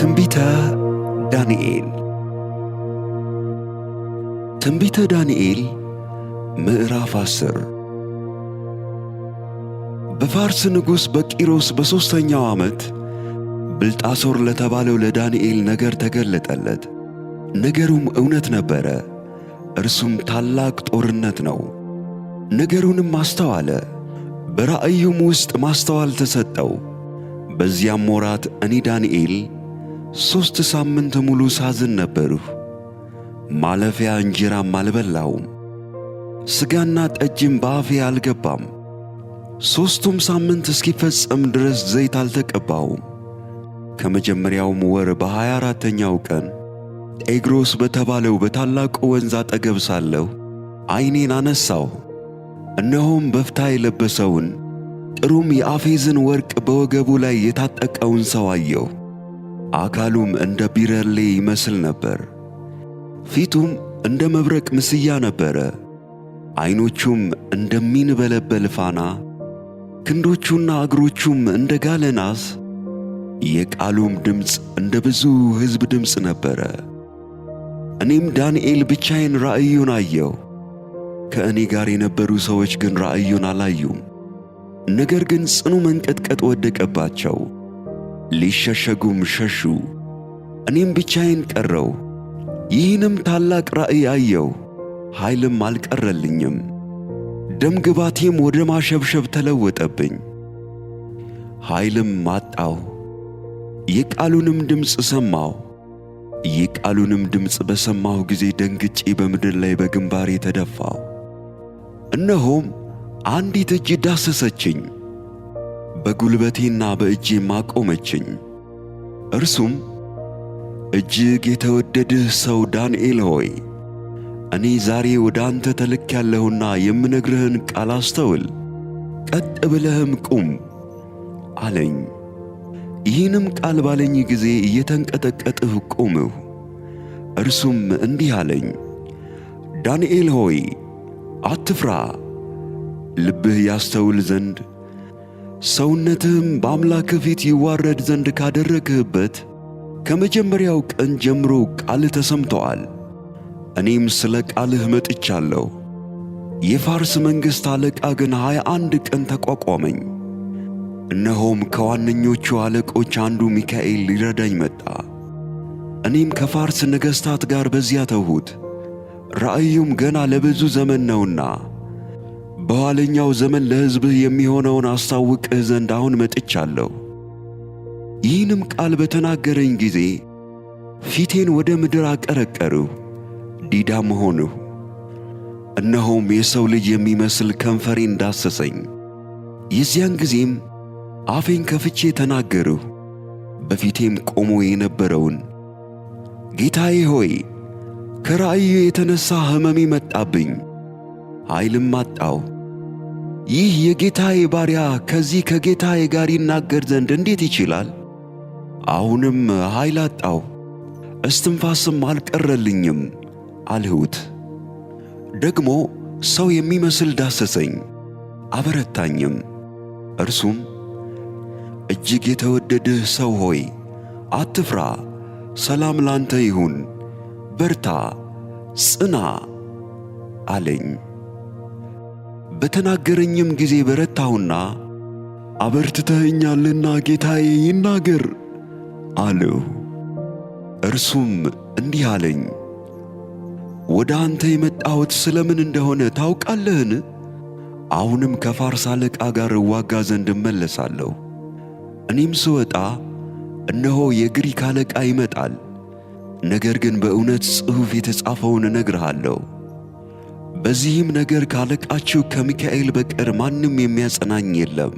ትንቢተ ዳንኤል ትንቢተ ዳንኤል ምዕራፍ አስር በፋርስ ንጉሥ በቂሮስ በሦስተኛው ዓመት ብልጣሶር ለተባለው ለዳንኤል ነገር ተገለጠለት። ነገሩም እውነት ነበረ፣ እርሱም ታላቅ ጦርነት ነው። ነገሩንም አስተዋለ፣ በራእዩም ውስጥ ማስተዋል ተሰጠው። በዚያም ወራት እኔ ዳንኤል ሦስት ሳምንት ሙሉ ሳዝን ነበርሁ። ማለፊያ እንጀራም አልበላውም። ሥጋና ጠጅም በአፌ አልገባም። ሦስቱም ሳምንት እስኪፈጸም ድረስ ዘይት አልተቀባውም። ከመጀመሪያውም ወር 24 አራተኛው ቀን ጤግሮስ በተባለው በታላቁ ወንዝ አጠገብ ሳለሁ ዐይኔን አነሣሁ፣ እነሆም በፍታ የለበሰውን ጥሩም የአፌዝን ወርቅ በወገቡ ላይ የታጠቀውን ሰው አየሁ። አካሉም እንደ ቢረሌ ይመስል ነበር። ፊቱም እንደ መብረቅ ምስያ ነበረ። ዐይኖቹም እንደሚንበለበል ፋና፣ ክንዶቹና እግሮቹም እንደ ጋለ ናስ። የቃሉም ድምፅ እንደ ብዙ ሕዝብ ድምፅ ነበረ። እኔም ዳንኤል ብቻዬን ራእዩን አየሁ፤ ከእኔ ጋር የነበሩ ሰዎች ግን ራእዩን አላዩም፤ ነገር ግን ጽኑ መንቀጥቀጥ ወደቀባቸው። ሊሸሸጉም ሸሹ። እኔም ብቻዬን ቀረው። ይህንም ታላቅ ራእይ አየው፣ ኃይልም አልቀረልኝም። ደም ግባቴም ወደ ማሸብሸብ ተለወጠብኝ፣ ኃይልም አጣሁ። የቃሉንም ድምፅ ሰማሁ። የቃሉንም ድምፅ በሰማሁ ጊዜ ደንግጬ በምድር ላይ በግንባሬ ተደፋሁ። እነሆም አንዲት እጅ ዳሰሰችኝ። በጉልበቴና በእጄም አቆመችኝ። እርሱም እጅግ የተወደድህ ሰው ዳንኤል ሆይ እኔ ዛሬ ወደ አንተ ተልኬያለሁና የምነግርህን ቃል አስተውል፣ ቀጥ ብለህም ቁም አለኝ። ይህንም ቃል ባለኝ ጊዜ እየተንቀጠቀጥሁ ቆምሁ። እርሱም እንዲህ አለኝ፣ ዳንኤል ሆይ አትፍራ፣ ልብህ ያስተውል ዘንድ ሰውነትህም በአምላክ ፊት ይዋረድ ዘንድ ካደረግህበት ከመጀመሪያው ቀን ጀምሮ ቃልህ ተሰምተዋል። እኔም ስለ ቃልህ መጥቻለሁ። የፋርስ መንግሥት አለቃ ግን ሀያ አንድ ቀን ተቋቋመኝ። እነሆም ከዋነኞቹ አለቆች አንዱ ሚካኤል ሊረዳኝ መጣ። እኔም ከፋርስ ነገሥታት ጋር በዚያ ተውሁት። ራእዩም ገና ለብዙ ዘመን ነውና በኋለኛው ዘመን ለሕዝብህ የሚሆነውን አስታውቅህ ዘንድ አሁን መጥቻለሁ። ይህንም ቃል በተናገረኝ ጊዜ ፊቴን ወደ ምድር አቀረቀርሁ፣ ዲዳም ሆንሁ። እነሆም የሰው ልጅ የሚመስል ከንፈሬን ዳሰሰኝ። የዚያን ጊዜም አፌን ከፍቼ ተናገርሁ። በፊቴም ቆሞ የነበረውን ጌታዬ ሆይ ከራእዩ የተነሣ ሕመሜ መጣብኝ፣ ኃይልም አጣሁ ይህ የጌታዬ ባሪያ ከዚህ ከጌታዬ ጋር ይናገር ዘንድ እንዴት ይችላል? አሁንም ኃይል አጣሁ፣ እስትንፋስም አልቀረልኝም አልሁት። ደግሞ ሰው የሚመስል ዳሰሰኝ፣ አበረታኝም። እርሱም እጅግ የተወደድህ ሰው ሆይ አትፍራ፣ ሰላም ላንተ ይሁን፣ በርታ፣ ጽና አለኝ። በተናገረኝም ጊዜ በረታሁና አበርትተኸኛልና ጌታዬ ይናገር አልሁ። እርሱም እንዲህ አለኝ፣ ወደ አንተ የመጣሁት ስለ ምን እንደሆነ ታውቃለህን? አሁንም ከፋርስ አለቃ ጋር እዋጋ ዘንድ እመለሳለሁ። እኔም ስወጣ እነሆ የግሪክ አለቃ ይመጣል፣ ነገር ግን በእውነት ጽሑፍ የተጻፈውን እነግርሃለሁ። በዚህም ነገር ካለቃችሁ ከሚካኤል በቀር ማንም የሚያጸናኝ የለም።